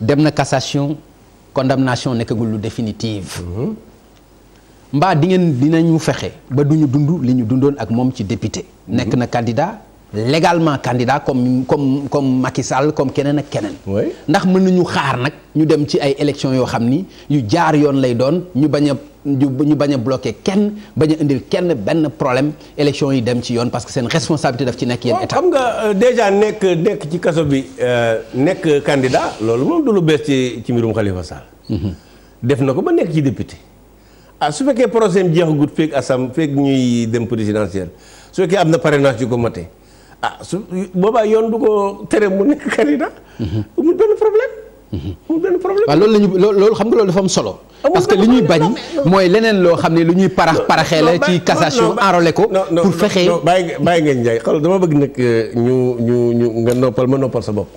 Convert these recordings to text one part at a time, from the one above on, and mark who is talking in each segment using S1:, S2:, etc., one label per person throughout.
S1: dem na cassation condamnation nekkagul lu définitive. Mhm. mbaa di ngeen dinañu fexe ba du ñu dund li ñu dundoon ak moom ci député. Mhm. nekk na candidat légalement candidat comme comme comme Macky Sall comme keneen ak keneen. ndax mën nañu xaar nag ñu dem ci ay élections yoo xam ni yu jaar yoon lay doon ñu bañ a ñu bañ a bloqué kenn bañ a indil kenn benn problème élection yi dem ci yoon parce que seen responsabilité daf ci nekk yéen
S2: état. xam nga euh, déjà nekk nekk ci kaso bi euh, nekk candidat loolu moom du lu bees ci ci mbirum Khalifa Sall. Mhm. def na ko ba nekk ci député. ah su fekkee projet bi jeexagut feeg asam feeg ñuy dem présidentiel su fekkee am na parrainage yu ko mate ah su boobaa yoon du ko tere mu nekk candidat. Mhm. amul benn problème. amul benn loolu la ñu loolu xam nga loolu dafa am solo. parce que li
S1: ñuy bañ mooy leneen loo xam ne lu ñuy parax paraxee la ci cassation enrôlé ko. pour fexee non bàyyi nga
S2: bàyyi nga Ndiaye dama bëgg nag euh, ñu ñu ñu nga noppal ma noppal sa bopp.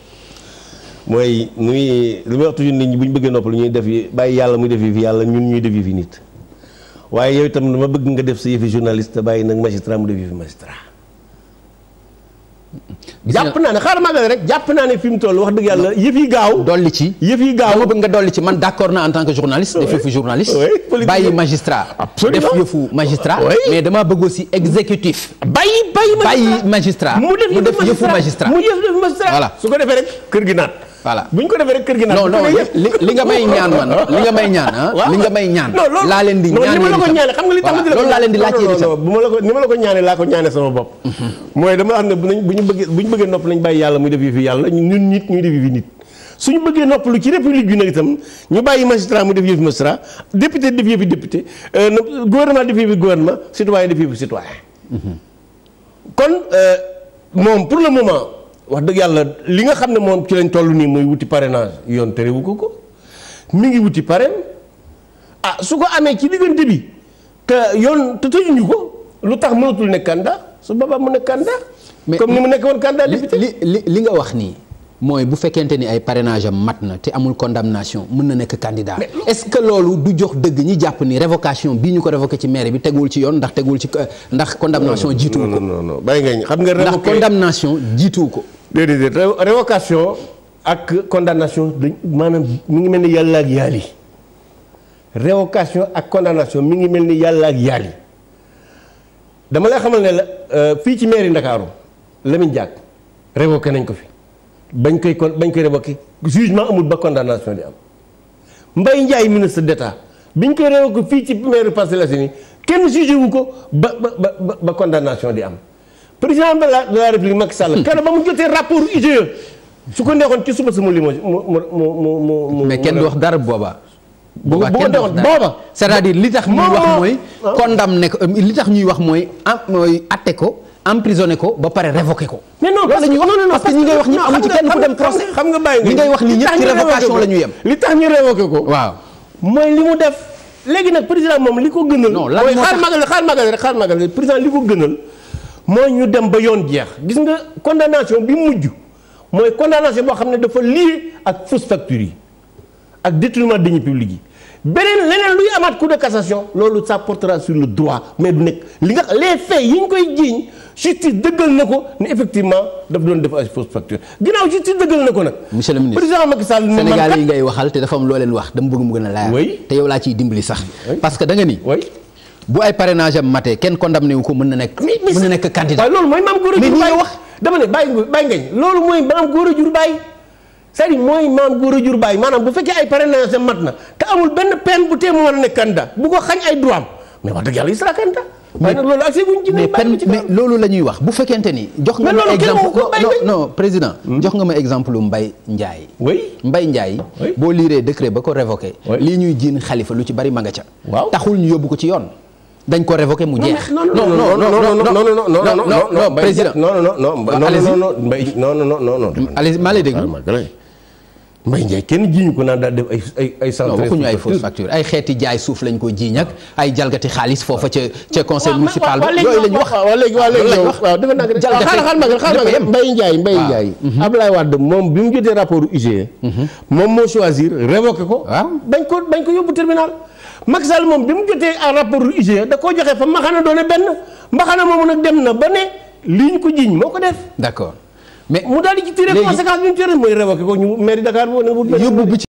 S2: mooy muy li may wax toujours nit ñi bu ñu bëggee noppal ñuy def yi bàyyi yàlla muy def yi fi yàlla ñun ñuy def yi fi nit. waaye yow itam ma bëgg nga def sa yëfi journaliste bàyyi nag magistrat mu def yëfi magistrat. jàpp naa ne xaaral magal rek jàpp naane ne toll wax
S1: dëgg yàlla yëf gaaw dolli ci yëf yi gaaw dama bëgg nga dolli ci man d'accord naa en tant que journaliste def yëfu journaliste bàyyi magistrat def yëfu magistrat mais dama bëgg aussi exécutif
S2: bàyyi bàyyi magistrat mu def yëfu magistrat mu def su ko defee rek kër gi naat voilà bu ñu ko defee rek kër gi nag. non non li li nga may ñaan ah. li nga may ñaan. laa ah, loolu laa leen di laajte itam bu ma la ko ñaanee laa ko ñaanee sama bopp. Mhm. mooy dama xam ne bu ñu bëggee bu ñu bëggee nopp nañ bàyyi yàlla muy def yëfi yàlla ñun nit ñuy def yëfi nit. suñu bëggee noppalu ci république bi nag itam ñu bàyyi magistrat mu def yëfi magistrat député def yëfi député euh, gouvernement def yëfi gouvernement citoyen def yëfi citoyen mhm. kon euh, wax dëgg yàlla li nga xam ne moom ci lañ toll nii mooy wuti naa yoon terewu ko ko mi ngi wuti pare ah su ko amee ci diggante bi te yoon te tëjuñu ko lu tax mënatul nekk candidat su boobaa mu nekk candidat. comme ni mu nekk woon candidat député li li li nga wax nii.
S1: mooy bu fekkente ni ay parrainage mat na te amul condamnation mën na nekk candidat est-ce que loolu du jox dëgg ñi jàpp ni révocation bi ñu ko révoqué ci maire bi teguwul ci yoon ndax teguwul ci ndax condamnation jiituwu
S2: ko non non bàyyi nga xam nga ndax condamnation jiituwu ko déedéet révocation ak condamnation dañ maanaam ngi mel ni yàlla ak yaali révocation ak condamnation mi ngi mel ni yàlla ak yaali dama lay xamal ne la euh, fii ci maire yi Ndakaaru Lamine Diack révoqué nañ ko fi bañ koy kon bañ koy révoqué jugement amul ba condamnation di am mbay Ndiaye ministre deta biñ koy révoqué fii ci maire Parcelles Assainies kenn jugé wu ko ba ba ba ba condamnation di am président de la de la république Macky Sall. ba mu rapport su ko neexoon ci suba sama limoge mu mu mu mu mais kenn du wax dara booba. booba kenn du wax dara
S1: c'est-à-dire li tax. ñuy wax mooy ah. condamné ko li tax ñuy wax mooy am ah, mooy atte ko. emprisonné ko ba pare révoqué ko.
S2: mais non parce que non non parce que ñi ngay wax ñi amu ci kenn ku dem xam nga bàyyi nga ñi ngay wax ni ñëpp ci révocation la ñu yem. li tax ñu révoqué ko. waaw mooy li mu def. léegi nag président moom li ko gënal. non lan moo tax xaar magal xaar magal rek xaar magal rek président li ko gënal. mooy ñu dem ba yoon jeex gis nga condamnation bi mujj mooy condamnation boo xam ne dafa lié ak fausse facture yi ak détournement de deniers publics yi beneen leneen luy amaat cour de cassation loolu ça portera sur le droit mais du nekk li nga les faits yi ñu koy jiiñ justice dëggal na ko ne effectivement daf doon def ay fausse facture ginnaaw justice dëggal na ko nag. monsieur yi
S1: ngay waxal te dafa am loo wax dama bëgg mu gën a laaj. te yow laa ciy dimbali sax. parce que da nga ni. bu ay parrainage am matee kenn condamné wu ko mën na nekk. mën na nekk
S2: candidat loolu mooy maam góor a jur bàyyi c'est-à-dire mooy maam góor a jur bàyyi maanaam bu fekkee ay parrainage am mat na te amul benn peine bu tee mu war a nekk candidat bu ko xañ ay droit am mais wax dëgg yàlla il sera candidat mais
S1: la ñuy wax bu fekkente ni. jox nga ma exemple non non président. jox nga ma exemple Mbaye Ndiaye. oui Mbaye Ndiaye. boo liiree décret ba ko révoqué. lii ñuy jiin xalifa lu ci bari ma nga ca. waaw taxul ñu yóbbu ko ci yoon. dañ ko révoqué mu jeex. non
S2: non non Mbaye Ndiaye kenn jiiñu ko naan daal def ay ay ay. sans waxuñu ay fausse
S1: facture ay xeeti jaay suuf lañ ko jiiñ ak ay jalgati xaalis foofa ca ca conseil municipal ba yooyu waaw léegi waaw léegi rek xaaral xaaral magal xaaral magal
S2: Mbaye Ndiaye Mbaye mhm. moom bi mu jotee rapport UGE mhm. moom moo choisir révoqué ko waaw ah. bañ ko bañ ko yóbbu tribunal Macky moom bi mu e, da koo joxee fa mbaxana doone benn mbaxana moomu nag dem na ba ne lii ñu ko jiiñ moo ko def d'accord mais mu daal di ci tiré conséquence bi mu tiré mooy Dakar boo ne bu yóbbu